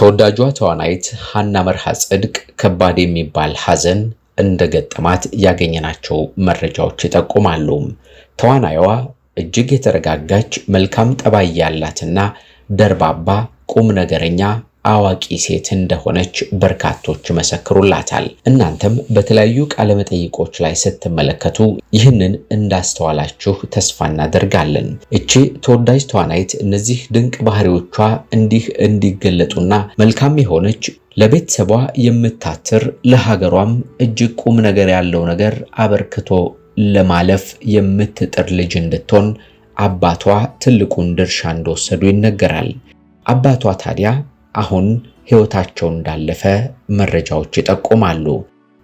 ተወዳጇ ተዋናይት ሀና መርሃ ጽድቅ ከባድ የሚባል ሐዘን እንደገጠማት ያገኘናቸው መረጃዎች ይጠቁማሉ። ተዋናይዋ እጅግ የተረጋጋች መልካም ጠባይ ያላትና ደርባባ ቁም ነገረኛ አዋቂ ሴት እንደሆነች በርካቶች መሰክሩላታል። እናንተም በተለያዩ ቃለመጠይቆች ላይ ስትመለከቱ ይህንን እንዳስተዋላችሁ ተስፋ እናደርጋለን። እቺ ተወዳጅ ተዋናይት እነዚህ ድንቅ ባህሪዎቿ እንዲህ እንዲገለጡና መልካም የሆነች ለቤተሰቧ የምታትር ለሀገሯም እጅግ ቁም ነገር ያለው ነገር አበርክቶ ለማለፍ የምትጥር ልጅ እንድትሆን አባቷ ትልቁን ድርሻ እንደወሰዱ ይነገራል። አባቷ ታዲያ አሁን ሕይወታቸው እንዳለፈ መረጃዎች ይጠቁማሉ።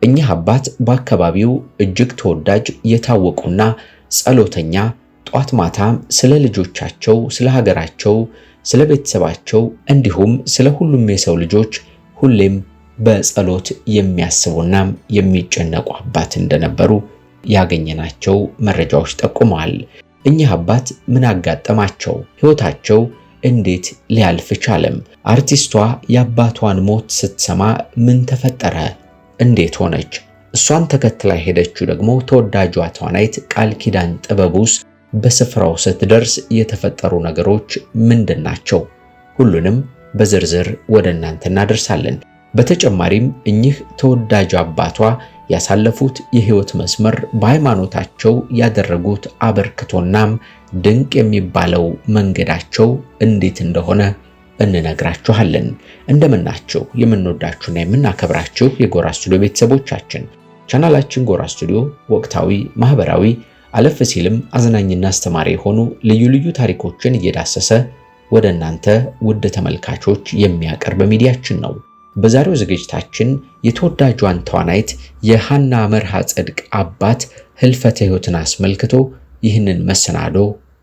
እኚህ አባት በአካባቢው እጅግ ተወዳጅ የታወቁና ጸሎተኛ፣ ጧት ማታ ስለ ልጆቻቸው፣ ስለ ሀገራቸው፣ ስለ ቤተሰባቸው እንዲሁም ስለ ሁሉም የሰው ልጆች ሁሌም በጸሎት የሚያስቡናም የሚጨነቁ አባት እንደነበሩ ያገኘናቸው መረጃዎች ጠቁመዋል። እኚህ አባት ምን አጋጠማቸው? ሕይወታቸው እንዴት ሊያልፍ ቻለም? አርቲስቷ የአባቷን ሞት ስትሰማ ምን ተፈጠረ? እንዴት ሆነች? እሷን ተከትላ ሄደችው ደግሞ ተወዳጇ ተዋናይት ቃል ኪዳን ጥበቡስ በስፍራው ስትደርስ የተፈጠሩ ነገሮች ምንድን ናቸው? ሁሉንም በዝርዝር ወደ እናንተ እናደርሳለን። በተጨማሪም እኚህ ተወዳጅ አባቷ ያሳለፉት የህይወት መስመር በሃይማኖታቸው ያደረጉት አበርክቶናም ድንቅ የሚባለው መንገዳቸው እንዴት እንደሆነ እንነግራችኋለን። እንደምናችሁ የምንወዳችሁና የምናከብራችሁ የጎራ ስቱዲዮ ቤተሰቦቻችን ቻናላችን ጎራ ስቱዲዮ ወቅታዊ፣ ማህበራዊ አለፍ ሲልም አዝናኝና አስተማሪ የሆኑ ልዩ ልዩ ታሪኮችን እየዳሰሰ ወደ እናንተ ውድ ተመልካቾች የሚያቀርብ ሚዲያችን ነው። በዛሬው ዝግጅታችን የተወዳጇን ተዋናይት የሃና መርሃ ጽድቅ አባት ህልፈተ ህይወትን አስመልክቶ ይህንን መሰናዶ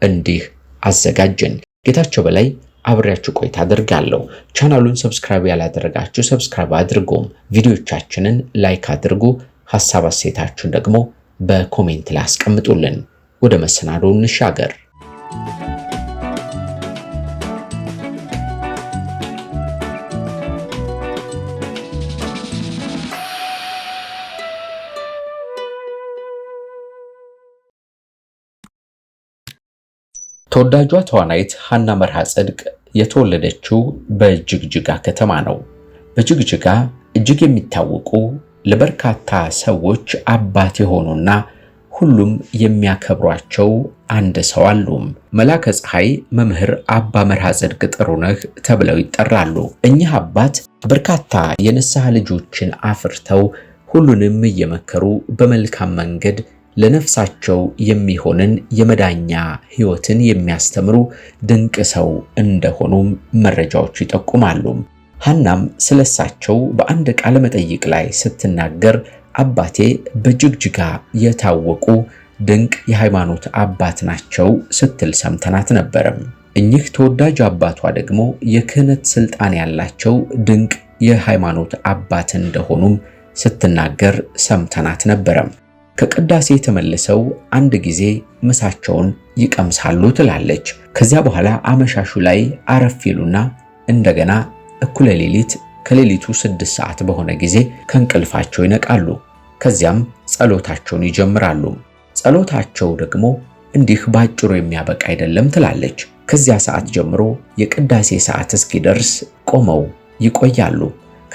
እንዲህ አዘጋጀን። ጌታቸው በላይ አብሬያችሁ ቆይታ አድርጋለሁ። ቻናሉን ሰብስክራይብ ያላደረጋችሁ ሰብስክራይብ አድርጎም ቪዲዮቻችንን ላይክ አድርጉ። ሐሳብ አስተያየታችሁን ደግሞ በኮሜንት ላይ አስቀምጡልን። ወደ መሰናዶ እንሻገር። ተወዳጇ ተዋናይት ሃና መርሃ ጽድቅ የተወለደችው በጅግጅጋ ከተማ ነው። በጅግጅጋ እጅግ የሚታወቁ ለበርካታ ሰዎች አባት የሆኑና ሁሉም የሚያከብሯቸው አንድ ሰው አሉም። መላከ ፀሐይ መምህር አባ መርሃ ጽድቅ ጥሩነህ ተብለው ይጠራሉ። እኚህ አባት በርካታ የንስሐ ልጆችን አፍርተው ሁሉንም እየመከሩ በመልካም መንገድ ለነፍሳቸው የሚሆንን የመዳኛ ሕይወትን የሚያስተምሩ ድንቅ ሰው እንደሆኑም መረጃዎች ይጠቁማሉ። ሐናም ስለሳቸው በአንድ ቃለ መጠይቅ ላይ ስትናገር አባቴ በጅግጅጋ የታወቁ ድንቅ የሃይማኖት አባት ናቸው ስትል ሰምተናት ነበርም። እኚህ ተወዳጅ አባቷ ደግሞ የክህነት ስልጣን ያላቸው ድንቅ የሃይማኖት አባት እንደሆኑም ስትናገር ሰምተናት ነበረም። ከቅዳሴ ተመልሰው አንድ ጊዜ ምሳቸውን ይቀምሳሉ ትላለች። ከዚያ በኋላ አመሻሹ ላይ አረፍ ይሉና እንደገና እኩለ ሌሊት ከሌሊቱ ስድስት ሰዓት በሆነ ጊዜ ከእንቅልፋቸው ይነቃሉ። ከዚያም ጸሎታቸውን ይጀምራሉ። ጸሎታቸው ደግሞ እንዲህ ባጭሩ የሚያበቃ አይደለም ትላለች። ከዚያ ሰዓት ጀምሮ የቅዳሴ ሰዓት እስኪደርስ ቆመው ይቆያሉ።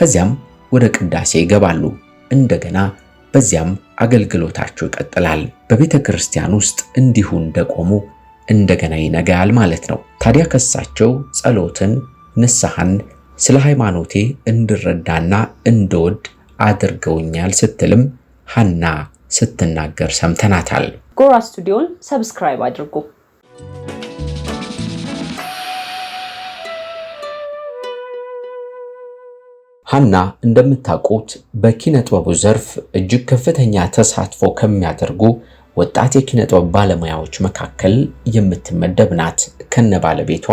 ከዚያም ወደ ቅዳሴ ይገባሉ። እንደገና በዚያም አገልግሎታቸው ይቀጥላል። በቤተ ክርስቲያን ውስጥ እንዲሁ እንደቆሙ እንደገና ይነጋል ማለት ነው። ታዲያ ከሳቸው ጸሎትን፣ ንስሐን ስለ ሃይማኖቴ እንድረዳና እንድወድ አድርገውኛል ስትልም ሀና ስትናገር ሰምተናታል። ጎራ ስቱዲዮን ሰብስክራይብ አድርጉ። ሀና እንደምታውቁት በኪነ ጥበቡ ዘርፍ እጅግ ከፍተኛ ተሳትፎ ከሚያደርጉ ወጣት የኪነ ጥበብ ባለሙያዎች መካከል የምትመደብ ናት። ከነ ባለቤቷ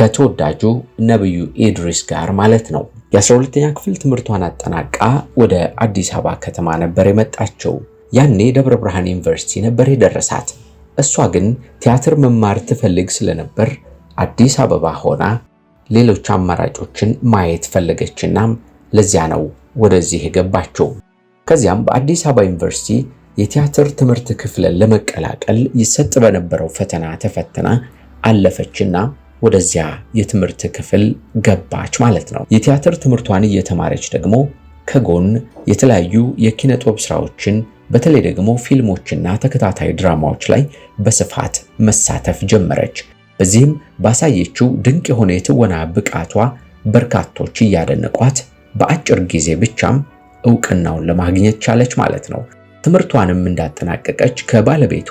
ከተወዳጁ ነብዩ ኢድሪስ ጋር ማለት ነው። የ12ኛ ክፍል ትምህርቷን አጠናቃ ወደ አዲስ አበባ ከተማ ነበር የመጣቸው። ያኔ ደብረ ብርሃን ዩኒቨርሲቲ ነበር የደረሳት። እሷ ግን ቲያትር መማር ትፈልግ ስለነበር አዲስ አበባ ሆና ሌሎች አማራጮችን ማየት ፈለገችና ለዚያ ነው ወደዚህ የገባቸው። ከዚያም በአዲስ አበባ ዩኒቨርሲቲ የቲያትር ትምህርት ክፍልን ለመቀላቀል ይሰጥ በነበረው ፈተና ተፈትና አለፈችና ወደዚያ የትምህርት ክፍል ገባች ማለት ነው። የቲያትር ትምህርቷን እየተማረች ደግሞ ከጎን የተለያዩ የኪነጦብ ስራዎችን በተለይ ደግሞ ፊልሞችና ተከታታይ ድራማዎች ላይ በስፋት መሳተፍ ጀመረች። በዚህም ባሳየችው ድንቅ የሆነ የትወና ብቃቷ በርካቶች እያደነቋት በአጭር ጊዜ ብቻም እውቅናውን ለማግኘት ቻለች ማለት ነው። ትምህርቷንም እንዳጠናቀቀች ከባለቤቷ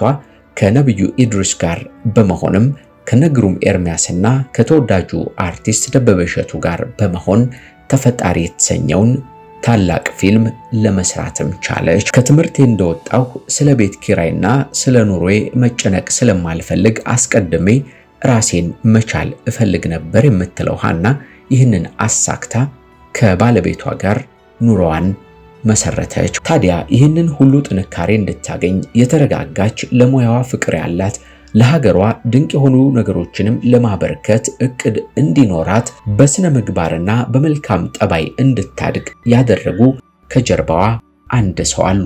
ከነብዩ ኢድሪስ ጋር በመሆንም ከነግሩም ኤርሚያስና ከተወዳጁ አርቲስት ደበበ እሸቱ ጋር በመሆን ተፈጣሪ የተሰኘውን ታላቅ ፊልም ለመስራትም ቻለች። ከትምህርቴ እንደወጣሁ ስለ ቤት ኪራይና ስለ ኑሮዬ መጨነቅ ስለማልፈልግ አስቀድሜ ራሴን መቻል እፈልግ ነበር የምትለው ሀና ይህንን አሳክታ ከባለቤቷ ጋር ኑሮዋን መሰረተች። ታዲያ ይህንን ሁሉ ጥንካሬ እንድታገኝ የተረጋጋች፣ ለሙያዋ ፍቅር ያላት፣ ለሀገሯ ድንቅ የሆኑ ነገሮችንም ለማበረከት እቅድ እንዲኖራት በስነ ምግባርና በመልካም ጠባይ እንድታድግ ያደረጉ ከጀርባዋ አንድ ሰው አሉ።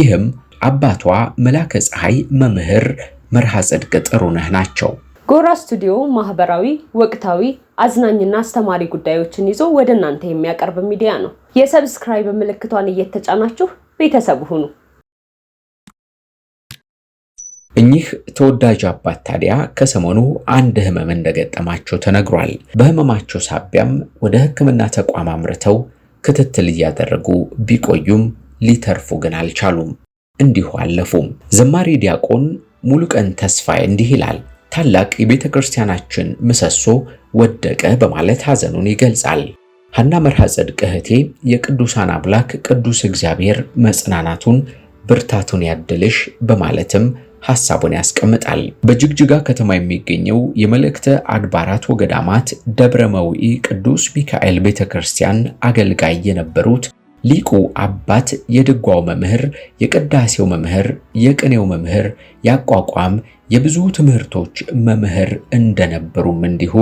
ይህም አባቷ መላከ ፀሐይ መምህር መርሃ ጽድቅ ጥሩነህ ናቸው። ጎራ ስቱዲዮ ማህበራዊ፣ ወቅታዊ፣ አዝናኝና አስተማሪ ጉዳዮችን ይዞ ወደ እናንተ የሚያቀርብ ሚዲያ ነው። የሰብስክራይብ ምልክቷን እየተጫናችሁ ቤተሰብ ሁኑ። እኚህ ተወዳጅ አባት ታዲያ ከሰሞኑ አንድ ህመም እንደገጠማቸው ተነግሯል። በህመማቸው ሳቢያም ወደ ሕክምና ተቋም አምርተው ክትትል እያደረጉ ቢቆዩም ሊተርፉ ግን አልቻሉም፣ እንዲሁ አለፉም። ዘማሪ ዲያቆን ሙሉቀን ተስፋዬ እንዲህ ይላል። ታላቅ የቤተ ክርስቲያናችን ምሰሶ ወደቀ በማለት ሐዘኑን ይገልጻል። ሐና መርሃ ጽድቅ እህቴ የቅዱሳን አምላክ ቅዱስ እግዚአብሔር መጽናናቱን ብርታቱን ያድልሽ በማለትም ሐሳቡን ያስቀምጣል። በጅግጅጋ ከተማ የሚገኘው የመልእክተ አድባራት ወገዳማት ደብረ መውኢ ቅዱስ ሚካኤል ቤተክርስቲያን አገልጋይ የነበሩት ሊቁ አባት የድጓው መምህር፣ የቅዳሴው መምህር፣ የቅኔው መምህር፣ ያቋቋም የብዙ ትምህርቶች መምህር እንደነበሩም እንዲሁ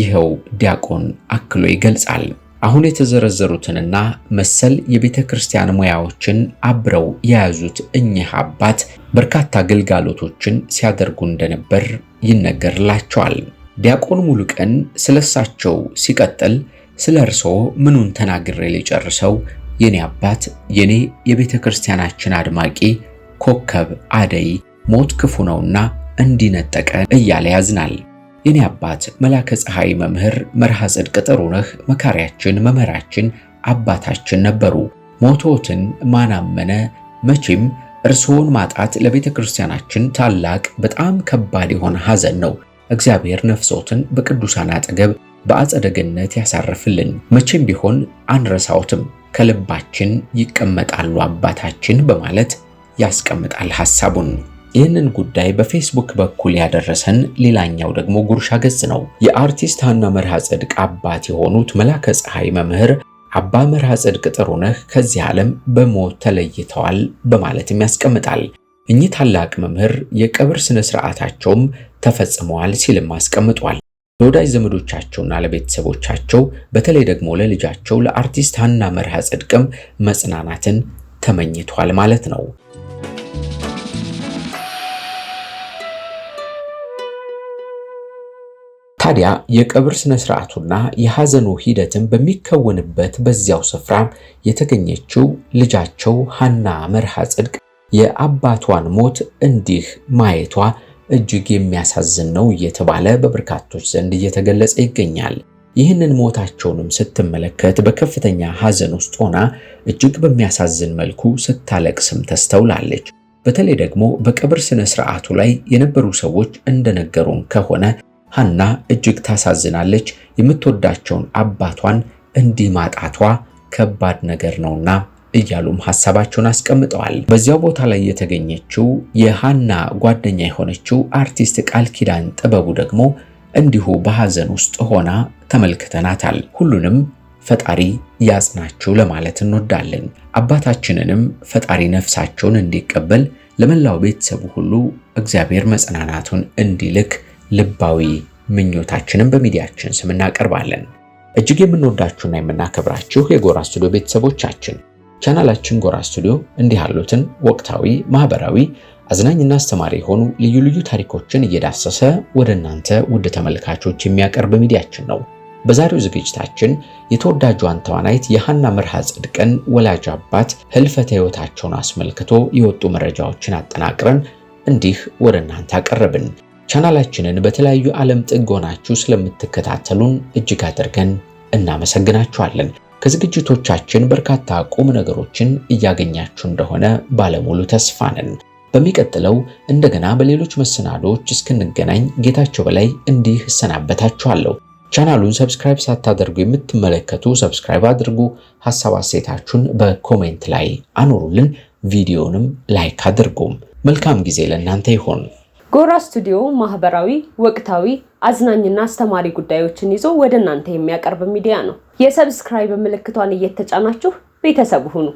ይኸው ዲያቆን አክሎ ይገልጻል። አሁን የተዘረዘሩትንና መሰል የቤተ ክርስቲያን ሙያዎችን አብረው የያዙት እኚህ አባት በርካታ ግልጋሎቶችን ሲያደርጉ እንደነበር ይነገርላቸዋል። ዲያቆን ሙሉቀን ስለሳቸው ሲቀጥል ስለ እርስዎ ምኑን ተናግሬ ሊጨርሰው የኔ አባት የኔ የቤተ ክርስቲያናችን አድማቂ ኮከብ አደይ ሞት ክፉ ነውና እንዲነጠቀን እያለ ያዝናል። የኔ አባት መላከ ፀሐይ መምህር መርሃ ጽድቅ ጥሩነህ መካሪያችን፣ መምህራችን፣ አባታችን ነበሩ። ሞቶትን ማናመነ መቼም እርስዎን ማጣት ለቤተ ክርስቲያናችን ታላቅ በጣም ከባድ የሆነ ሐዘን ነው። እግዚአብሔር ነፍሶትን በቅዱሳን አጠገብ በአጸደግነት ያሳርፍልን። መቼም ቢሆን አንረሳዎትም፣ ከልባችን ይቀመጣሉ አባታችን በማለት ያስቀምጣል ሐሳቡን። ይህንን ጉዳይ በፌስቡክ በኩል ያደረሰን ሌላኛው ደግሞ ጉርሻ ገጽ ነው። የአርቲስት ሀና መርሃ ጽድቅ አባት የሆኑት መላከ ፀሐይ መምህር አባ መርሃ ጽድቅ ጥሩነህ ከዚህ ዓለም በሞት ተለይተዋል በማለትም ያስቀምጣል። እኚህ ታላቅ መምህር የቀብር ስነ ስርዓታቸውም ተፈጽመዋል ሲልም አስቀምጧል። ለወዳጅ ዘመዶቻቸውና ለቤተሰቦቻቸው በተለይ ደግሞ ለልጃቸው ለአርቲስት ሀና መርሃ ጽድቅም መጽናናትን ተመኝቷል ማለት ነው። ታዲያ የቀብር ስነ ስርዓቱና የሐዘኑ ሂደትን በሚከወንበት በዚያው ስፍራ የተገኘችው ልጃቸው ሐና መርሃ ጽድቅ የአባቷን ሞት እንዲህ ማየቷ እጅግ የሚያሳዝን ነው እየተባለ በበርካቶች ዘንድ እየተገለጸ ይገኛል። ይህንን ሞታቸውንም ስትመለከት በከፍተኛ ሐዘን ውስጥ ሆና እጅግ በሚያሳዝን መልኩ ስታለቅስም ተስተውላለች። በተለይ ደግሞ በቀብር ስነ ስርዓቱ ላይ የነበሩ ሰዎች እንደነገሩን ከሆነ ሐና እጅግ ታሳዝናለች። የምትወዳቸውን አባቷን እንዲህ ማጣቷ ከባድ ነገር ነውና እያሉም ሀሳባቸውን አስቀምጠዋል። በዚያው ቦታ ላይ የተገኘችው የሐና ጓደኛ የሆነችው አርቲስት ቃል ኪዳን ጥበቡ ደግሞ እንዲሁ በሐዘን ውስጥ ሆና ተመልክተናታል። ሁሉንም ፈጣሪ ያጽናችሁ ለማለት እንወዳለን። አባታችንንም ፈጣሪ ነፍሳቸውን እንዲቀበል ለመላው ቤተሰቡ ሁሉ እግዚአብሔር መጽናናቱን እንዲልክ ልባዊ ምኞታችንን በሚዲያችን ስም እናቀርባለን። እጅግ የምንወዳችሁና የምናከብራችሁ የጎራ ስቱዲዮ ቤተሰቦቻችን ቻናላችን ጎራ ስቱዲዮ እንዲህ ያሉትን ወቅታዊ፣ ማህበራዊ፣ አዝናኝና አስተማሪ የሆኑ ልዩ ልዩ ታሪኮችን እየዳሰሰ ወደ እናንተ ውድ ተመልካቾች የሚያቀርብ ሚዲያችን ነው። በዛሬው ዝግጅታችን የተወዳጇን ተዋናይት የሀና መርሃ ጽድቅን ወላጅ አባት ህልፈተ ህይወታቸውን አስመልክቶ የወጡ መረጃዎችን አጠናቅረን እንዲህ ወደ እናንተ አቀረብን። ቻናላችንን በተለያዩ ዓለም ጥግ ሆናችሁ ስለምትከታተሉን እጅግ አድርገን እናመሰግናችኋለን። ከዝግጅቶቻችን በርካታ ቁም ነገሮችን እያገኛችሁ እንደሆነ ባለሙሉ ተስፋ ነን። በሚቀጥለው እንደገና በሌሎች መሰናዶዎች እስክንገናኝ ጌታቸው በላይ እንዲህ እሰናበታችኋለሁ። ቻናሉን ሰብስክራይብ ሳታደርጉ የምትመለከቱ ሰብስክራይብ አድርጉ። ሐሳብ አስተያየታችሁን በኮሜንት ላይ አኖሩልን። ቪዲዮንም ላይክ አድርጉም። መልካም ጊዜ ለእናንተ ይሆን። ጎራ ስቱዲዮ ማህበራዊ፣ ወቅታዊ፣ አዝናኝና አስተማሪ ጉዳዮችን ይዞ ወደ እናንተ የሚያቀርብ ሚዲያ ነው። የሰብስክራይብ ምልክቷን እየተጫናችሁ ቤተሰብ ሁኑ።